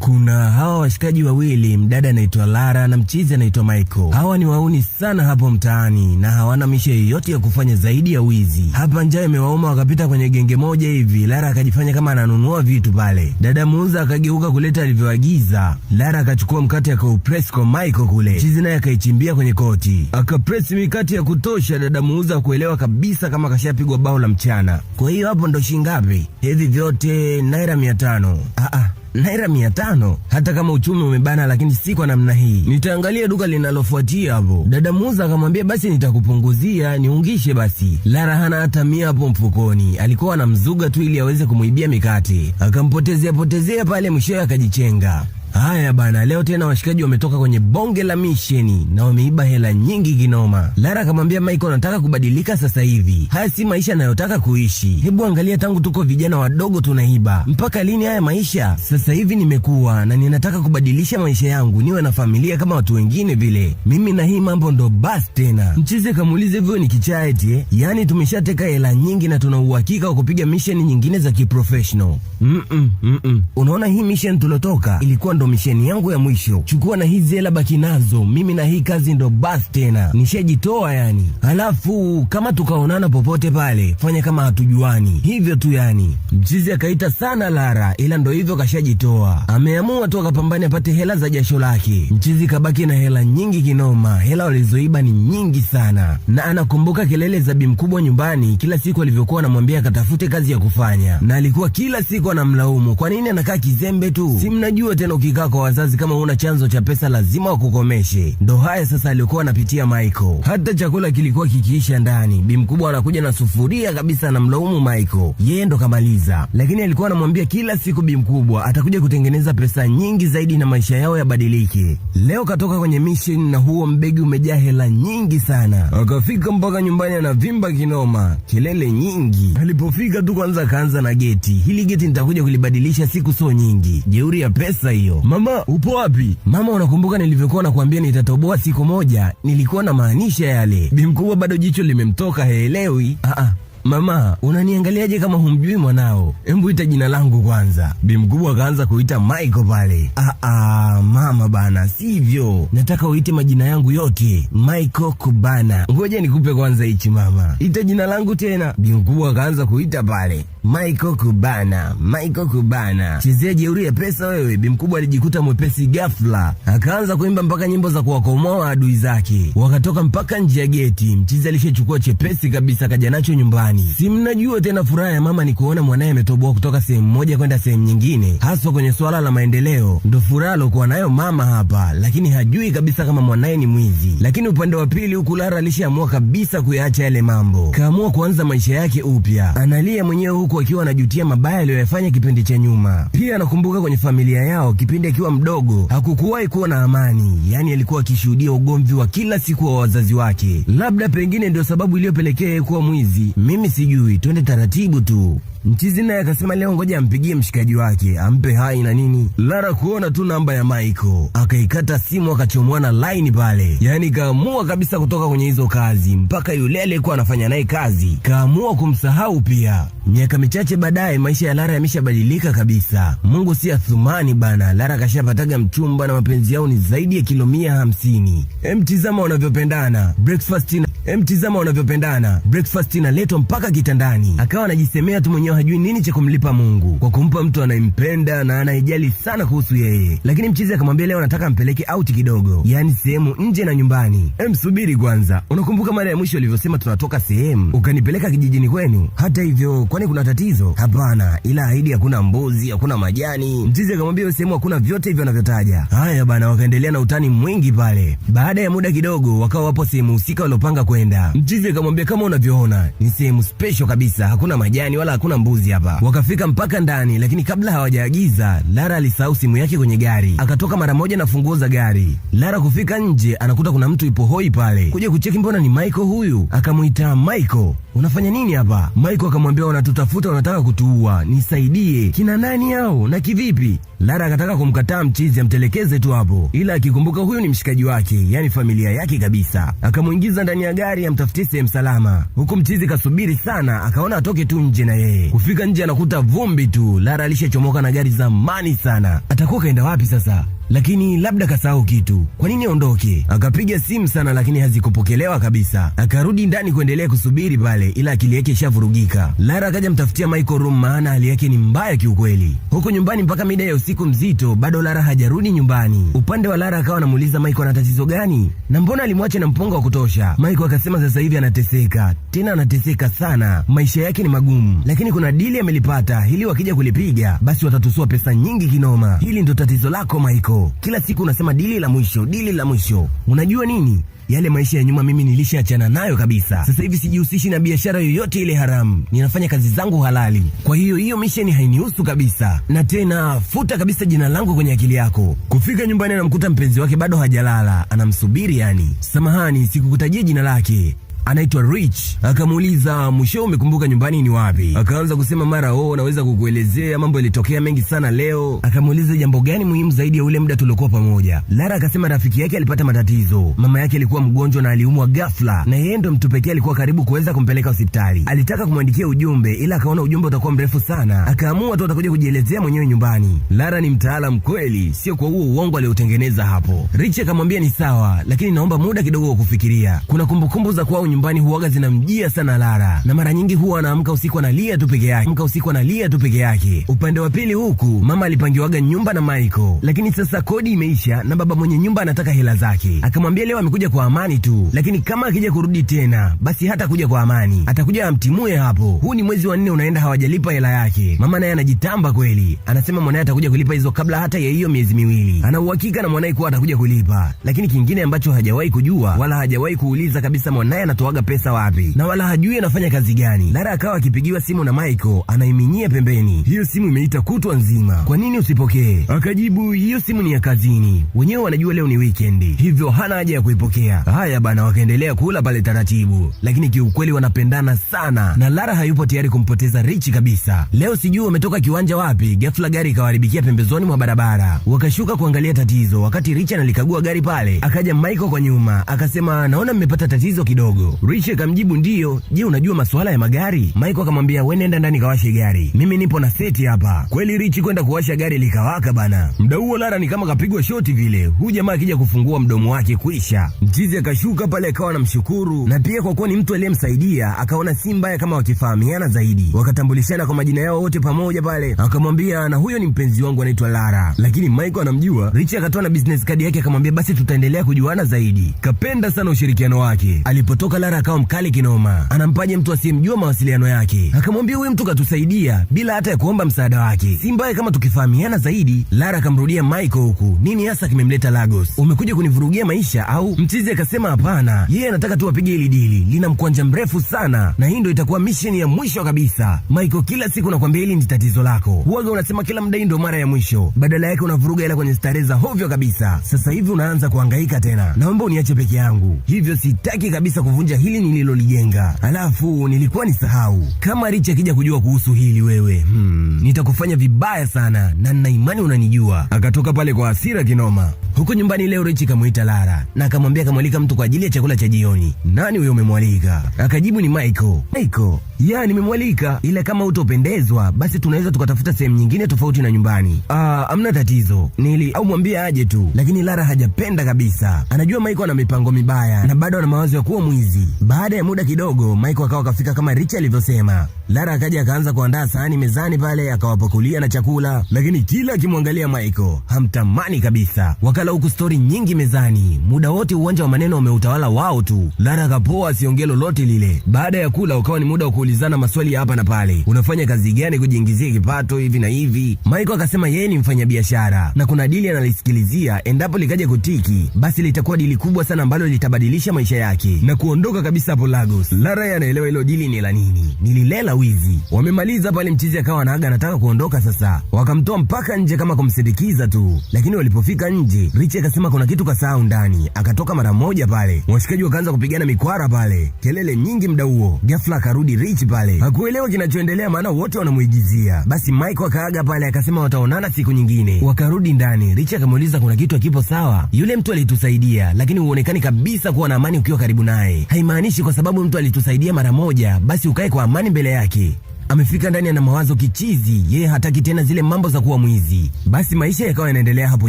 Kuna hawa washikaji wawili, mdada anaitwa Lara na mchizi anaitwa Michael. Hawa ni wauni sana hapo mtaani na hawana misha yoyote ya kufanya zaidi ya wizi. Hapa njaa imewauma, wakapita kwenye genge moja hivi, Lara akajifanya kama ananunua vitu pale. Dada muuza akageuka kuleta alivyoagiza. Lara akachukua mkate akaupress kwa Michael kule, mchizi naye akaichimbia kwenye koti, akapress mikate ya kutosha. Dada muuza kuelewa kabisa kama kashapigwa bao la mchana. Kwa hiyo hapo ndo shingapi hivi vyote? Naira mia tano. Ah ah naira mia tano hata kama uchumi umebana, lakini si kwa namna hii. Nitaangalia duka linalofuatia hapo. Dada muza akamwambia basi nitakupunguzia niungishe basi. Lara hana hata mia hapo mfukoni, alikuwa anamzuga tu ili aweze kumwibia mikate, akampotezea potezea pale, mwishowe akajichenga. Haya bana, leo tena washikaji wametoka kwenye bonge la misheni na wameiba hela nyingi kinoma. Lara akamwambia Michael, nataka kubadilika sasa hivi, haya si maisha anayotaka kuishi. Hebu angalia, tangu tuko vijana wadogo tunaiba, mpaka lini haya maisha? Sasa hivi nimekuwa na ninataka kubadilisha maisha yangu, niwe na familia kama watu wengine vile. Mimi na hii mambo ndo basi tena. Mchize kamuuliza, hivyo ni kichaa eti eh? Yaani tumeshateka hela nyingi na tuna uhakika wa kupiga misheni nyingine za kiprofessional. Mm -mm, mm -mm. Unaona hii misheni tulotoka ilikuwa ndo misheni yangu ya mwisho. Chukua na hizi hela, baki nazo. Mimi na hii kazi ndo basi tena, nishajitoa yani. Halafu kama tukaonana popote pale, fanya kama hatujuani hivyo tu yani. Mchizi akaita sana Lara, ila ndo hivyo, kashajitoa. Ameamua tu akapambane apate hela za jasho lake. Mchizi kabaki na hela nyingi kinoma, hela walizoiba ni nyingi sana, na anakumbuka kelele za bimkubwa nyumbani kila siku alivyokuwa anamwambia akatafute kazi ya kufanya, na alikuwa kila siku anamlaumu kwa nini anakaa kizembe tu, si mnajua tena ukikaa kwa wazazi kama una chanzo cha pesa lazima wakukomeshe. Ndo haya sasa alikuwa anapitia Michael. Hata chakula kilikuwa kikiisha ndani, bi mkubwa anakuja na sufuria kabisa, anamlaumu Michael, yeye ndo kamaliza. Lakini alikuwa anamwambia kila siku bi mkubwa atakuja kutengeneza pesa nyingi zaidi na maisha yao yabadilike. Leo katoka kwenye mission na huo mbegi umejaa hela nyingi sana, akafika mpaka nyumbani anavimba kinoma, kelele nyingi. Alipofika tu kwanza akaanza na geti hili, geti nitakuja kulibadilisha siku so nyingi. Jeuri ya pesa hiyo. Mama upo wapi? Mama, unakumbuka nilivyokuwa nakwambia nitatoboa siku moja? Nilikuwa na maanisha yale. Bimkubwa bado jicho limemtoka, haelewi. Ah, ah. Mama, unaniangaliaje kama humjui mwanao? Hebu ita jina langu kwanza. Bimkubwa akaanza kuita Michael pale. Ah, ah, mama bana, sivyo, nataka uite majina yangu yote Michael Kubana. Ngoja nikupe kwanza hichi mama, ita jina langu tena. Bimkubwa akaanza kuita pale Maiko Kubana, Maiko Kubana, chezea jeuri ya pesa wewe. bimkubwa alijikuta mwepesi ghafla, akaanza kuimba mpaka nyimbo za kuwakomoa adui zake, wakatoka mpaka nje ya geti. Mchizi alishachukua chepesi kabisa, kaja nacho nyumbani. Si mnajua tena, furaha ya mama ni kuona mwanaye ametoboa kutoka sehemu moja kwenda sehemu nyingine, haswa kwenye swala la maendeleo. Ndo furaha alokuwa nayo mama hapa, lakini hajui kabisa kama mwanaye ni mwizi. Lakini upande wa pili huku, Lara alishaamua kabisa kuyaacha yale mambo, kaamua kuanza maisha yake upya. Analia mwenyewe huku akiwa anajutia mabaya aliyoyafanya kipindi cha nyuma. Pia anakumbuka kwenye familia yao kipindi akiwa mdogo hakukuwahi kuwa na amani, yaani alikuwa akishuhudia ugomvi wa kila siku wa wazazi wake. Labda pengine ndio sababu iliyopelekea yeye kuwa mwizi, mimi sijui. Twende taratibu tu. Mchizi naye akasema leo ngoja ampigie mshikaji wake ampe hai na nini. Lara kuona tu namba ya Michael akaikata simu na line pale, yaani kaamua kabisa kutoka kwenye hizo kazi, mpaka yule aliyekuwa anafanya naye kazi kaamua kumsahau pia. Miaka michache baadaye maisha ya Lara yameshabadilika kabisa. Mungu si athumani bana, Lara kashapataga mchumba na mapenzi yao ni zaidi ya kilomia hamsini. Emtizama wanavyopendana breakfast mtizama wanavyopendana, breakfast inaletwa mpaka kitandani. Akawa anajisemea tu mwenyewe hajui nini cha kumlipa Mungu kwa kumpa mtu anayempenda na anayejali sana kuhusu yeye. Lakini mchizi akamwambia leo anataka mpeleke auti kidogo, yaani sehemu nje na nyumbani. Emsubiri kwanza, unakumbuka mara ya mwisho ulivyosema tunatoka sehemu ukanipeleka kijijini kwenu? Hata hivyo, kwani kuna tatizo? Hapana, ila ahidi hakuna mbuzi, hakuna majani. Mchizi akamwambia sehemu hakuna vyote hivyo anavyotaja. Haya bana, wakaendelea na utani mwingi pale. Baada ya muda kidogo, wakawa wapo sehemu husika waliopanga kwenda kwenda. Mchizi akamwambia kama unavyoona ni sehemu special kabisa, hakuna majani wala hakuna mbuzi hapa. Wakafika mpaka ndani, lakini kabla hawajaagiza, Lara alisahau simu yake kwenye gari, akatoka mara moja na funguo za gari. Lara kufika nje, anakuta kuna mtu yupo hoi pale, kuja kucheki, mbona ni Michael huyu? Akamuita Michael, unafanya nini hapa? Michael akamwambia wanatutafuta, wanataka kutuua, nisaidie. Kina nani hao na kivipi? Lara akataka kumkataa mchizi amtelekeze tu hapo, ila akikumbuka huyu ni mshikaji wake, yani familia yake kabisa, akamwingiza ndani ya gari amtafutie sehemu salama, huku mchizi kasubiri sana, akaona atoke tu nje na yeye. Kufika nje anakuta vumbi tu, Lara alishachomoka na gari zamani sana, atakuwa kaenda wapi sasa? lakini labda kasahau kitu. Kwa nini aondoke? Akapiga simu sana, lakini hazikupokelewa kabisa. Akarudi ndani kuendelea kusubiri pale, ila akili yake ishavurugika. Lara akaja mtafutia Michael room, maana hali yake ni mbaya kiukweli. Huko nyumbani mpaka mida ya usiku mzito, bado Lara hajarudi nyumbani. Upande wa Lara akawa anamuuliza Michael ana tatizo gani na mbona alimwacha na mponga wa kutosha. Michael akasema sasa hivi anateseka tena, anateseka sana, maisha yake ni magumu, lakini kuna dili amelipata hili, wakija kulipiga basi watatusua pesa nyingi kinoma. Hili ndo tatizo lako Michael. Kila siku unasema dili la mwisho, dili la mwisho. Unajua nini? Yale maisha ya nyuma mimi nilishaachana nayo kabisa. Sasa hivi sijihusishi na biashara yoyote ile haramu, ninafanya kazi zangu halali. Kwa hiyo hiyo misheni hainihusu kabisa, na tena futa kabisa jina langu kwenye akili yako. Kufika nyumbani, anamkuta mpenzi wake bado hajalala, anamsubiri yani. Samahani, sikukutajia jina lake anaitwa Rich akamuuliza mwisho, umekumbuka nyumbani ni wapi? Akaanza kusema mara oh, naweza kukuelezea, mambo yalitokea mengi sana leo. Akamuuliza jambo gani muhimu zaidi ya ule muda tuliokuwa pamoja. Lara akasema rafiki yake alipata matatizo, mama yake alikuwa mgonjwa na aliumwa ghafla, na yeye ndo mtu pekee alikuwa karibu kuweza kumpeleka hospitali. Alitaka kumwandikia ujumbe, ila akaona ujumbe utakuwa mrefu sana, akaamua tu atakuja kujielezea mwenyewe nyumbani. Lara ni mtaalam kweli, sio kwa huo uongo aliotengeneza hapo. Rich akamwambia ni sawa, lakini naomba muda kidogo wa kufikiria, kuna kumbukumbu za kwao nyumbani huaga zinamjia sana Lara, na mara nyingi huwa anaamka usiku analia tu peke yake, amka usiku analia tu peke yake. Upande wa pili huku mama alipangiwaga nyumba na Michael, lakini sasa kodi imeisha na baba mwenye nyumba anataka hela zake. Akamwambia leo amekuja kwa amani tu, lakini kama akija kurudi tena basi hata kuja kwa amani, atakuja amtimue hapo. Huu ni mwezi wa nne unaenda, hawajalipa hela yake. Mama naye anajitamba kweli, anasema mwanaye atakuja kulipa hizo kabla hata ya hiyo miezi miwili. Ana uhakika na mwanaye kuwa atakuja kulipa, lakini kingine ambacho hajawahi kujua wala hajawahi kuuliza kabisa mwanaye anatoaga pesa wapi na wala hajui anafanya kazi gani. Lara akawa akipigiwa simu na Michael anaiminyia pembeni, hiyo simu imeita kutwa nzima, kwa nini usipokee? Akajibu, hiyo simu ni ya kazini, wenyewe wanajua leo ni wikendi, hivyo hana haja ya kuipokea. Haya bana, wakaendelea kula pale taratibu, lakini kiukweli wanapendana sana na Lara hayupo tayari kumpoteza Richi kabisa. Leo sijui wametoka kiwanja wapi, ghafla gari ikawaharibikia pembezoni mwa barabara, wakashuka kuangalia tatizo. Wakati Richi analikagua gari pale, akaja Michael kwa nyuma akasema, naona mmepata tatizo kidogo ndio. Richi akamjibu ndiyo. Je, unajua masuala ya magari? Michael akamwambia we nenda ndani kawashe gari, mimi nipo na seti hapa. Kweli Richi kwenda kuwasha gari likawaka bana. Mda huo Lara ni kama kapigwa shoti vile, huyu jamaa akija kufungua mdomo wake kwisha. Mchizi akashuka pale akawa anamshukuru, na pia kwa kuwa ni mtu aliyemsaidia akaona si mbaya kama wakifahamiana zaidi, wakatambulishana kwa majina yao wote pamoja pale, akamwambia na huyo ni mpenzi wangu anaitwa Lara, lakini Michael anamjua. Richi akatoa na business kadi yake akamwambia basi tutaendelea kujuana zaidi. Kapenda sana ushirikiano wake alipotoka lara akawa mkali kinoma, anampaje mtu asiyemjua mawasiliano yake? Akamwambia huyu mtu katusaidia bila hata ya kuomba msaada wake, si mbaya kama tukifahamiana zaidi. Lara akamrudia Michael, huku nini hasa kimemleta Lagos? Umekuja kunivurugia maisha au? Mchizi akasema hapana, yeye anataka tu apige hili dili, lina mkwanja mrefu sana, na hii ndo itakuwa misheni ya mwisho kabisa. Michael, kila siku nakwambia hili ni tatizo lako, uwaga unasema kila mdai ndo mara ya mwisho, badala yake unavuruga hela kwenye starehe za hovyo kabisa. Sasa hivi unaanza kuhangaika tena, naomba uniache peke yangu, hivyo sitaki kabisa kuvunja janja hili nililolijenga, alafu nilikuwa nisahau. Kama Richa akija kujua kuhusu hili wewe, hmm, nitakufanya vibaya sana, na nina imani unanijua. Akatoka pale kwa hasira kinoma. Huko nyumbani leo Richi kamuita Lara na akamwambia kamwalika mtu kwa ajili ya chakula cha jioni. Nani huyo umemwalika? Akajibu ni Michael. Michael, ya nimemwalika ila kama utopendezwa basi tunaweza tukatafuta sehemu nyingine tofauti na nyumbani. Ah, amna tatizo. Nili au mwambie aje tu. Lakini Lara hajapenda kabisa. Anajua Michael ana mipango mibaya na bado ana mawazo ya kuwa mwizi. Baada ya muda kidogo Michael akawa kafika kama Richi alivyosema. Lara akaja akaanza kuandaa sahani mezani pale akawapakulia na chakula, lakini kila akimwangalia Michael hamtamani kabisa. Wakala Ukiona huku stori nyingi mezani, muda wote uwanja wa maneno umeutawala wao tu. Lara kapoa asiongee lolote lile. Baada ya kula, ukawa ni muda wa kuulizana maswali hapa na pale, unafanya kazi gani kujiingizia kipato hivi na hivi. Michael akasema yeye ni mfanyabiashara na kuna dili analisikilizia, endapo likaja kutiki, basi litakuwa dili kubwa sana ambalo litabadilisha maisha yake na kuondoka kabisa hapo Lagos. Lara anaelewa hilo dili ni la nini, nililela wizi. Wamemaliza pale, mchizi akawa anaaga anataka kuondoka sasa, wakamtoa mpaka nje kama kumsindikiza tu, lakini walipofika nje Richi akasema kuna kitu kasahau ndani, akatoka mara moja pale. Washikaji wakaanza kupigana mikwara pale, kelele nyingi mda huo. Ghafla akarudi Richi pale, hakuelewa kinachoendelea, maana wote wanamuigizia. Basi Mike akaaga pale, akasema wataonana siku nyingine. Wakarudi ndani, Richi akamuuliza kuna kitu akipo sawa. Yule mtu alitusaidia, lakini huonekani kabisa kuwa na amani ukiwa karibu naye. Haimaanishi kwa sababu mtu alitusaidia mara moja, basi ukae kwa amani mbele yake amefika ndani ana mawazo kichizi, yeye hataki tena zile mambo za kuwa mwizi. Basi maisha yakawa yanaendelea hapo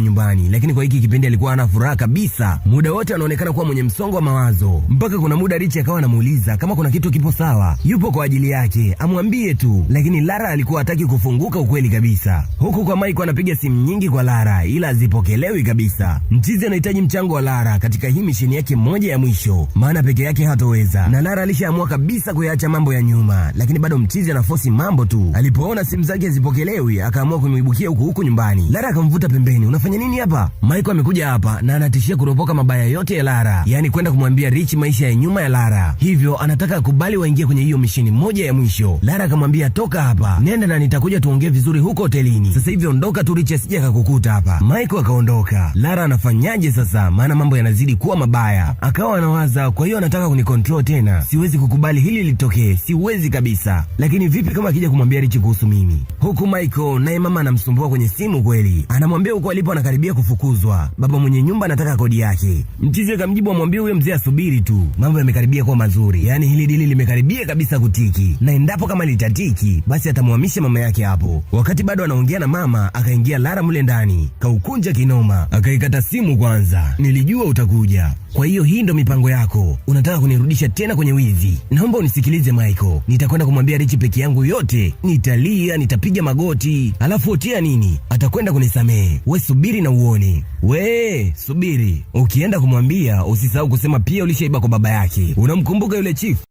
nyumbani, lakini kwa hiki kipindi alikuwa ana furaha kabisa, muda wote anaonekana kuwa mwenye msongo wa mawazo, mpaka kuna muda Richi akawa anamuuliza kama kuna kitu kipo sawa, yupo kwa ajili yake, amwambie tu, lakini Lara alikuwa hataki kufunguka ukweli kabisa, huku kwa Mike anapiga simu nyingi kwa Lara ila hazipokelewi kabisa. Mchizi anahitaji mchango wa Lara katika hii misheni yake moja ya mwisho, maana peke yake hatoweza, na Lara alishaamua kabisa kuyaacha mambo ya nyuma, lakini bado mchizi anafanya Force mambo tu. Alipoona simu zake hazipokelewi, akaamua kumwibukia huko huko nyumbani. Lara akamvuta pembeni, unafanya nini hapa? Michael amekuja hapa na anatishia kuropoka mabaya yote ya Lara, yaani kwenda kumwambia Rich maisha ya nyuma ya Lara, hivyo anataka akubali waingie kwenye hiyo mishini moja ya mwisho. Lara akamwambia toka hapa, nenda na nitakuja tuongee vizuri huko hotelini. Sasa hivi ondoka tu, Rich asije akakukuta hapa. Michael akaondoka. Lara anafanyaje sasa? Maana mambo yanazidi kuwa mabaya. Akawa anawaza, kwa hiyo anataka kunikontrol tena, siwezi kukubali hili litokee, siwezi kabisa. Lakini vipi Vipi kama akija kumwambia Richi kuhusu mimi? Huku Michael naye mama anamsumbua kwenye simu kweli, anamwambia huko alipo anakaribia kufukuzwa, baba mwenye nyumba anataka kodi yake. Mtizi akamjibu amwambie huyo mzee asubiri tu, mambo yamekaribia kuwa mazuri, yaani hili dili limekaribia kabisa kutiki, na endapo kama litatiki, basi atamhamisha mama yake hapo. Wakati bado anaongea na mama, akaingia Lara mule ndani, kaukunja kinoma, akaikata simu kwanza. Nilijua utakuja, kwa hiyo hii ndo mipango yako, unataka kunirudisha tena kwenye wizi? Naomba unisikilize Michael, nitakwenda kumwambia Richi peke yangu yangu yote, nitalia, nitapiga magoti, alafu otia nini? Atakwenda kunisamehe. We subiri na uone. We subiri, ukienda kumwambia usisahau kusema pia ulishaiba kwa baba yake. Unamkumbuka yule chifu?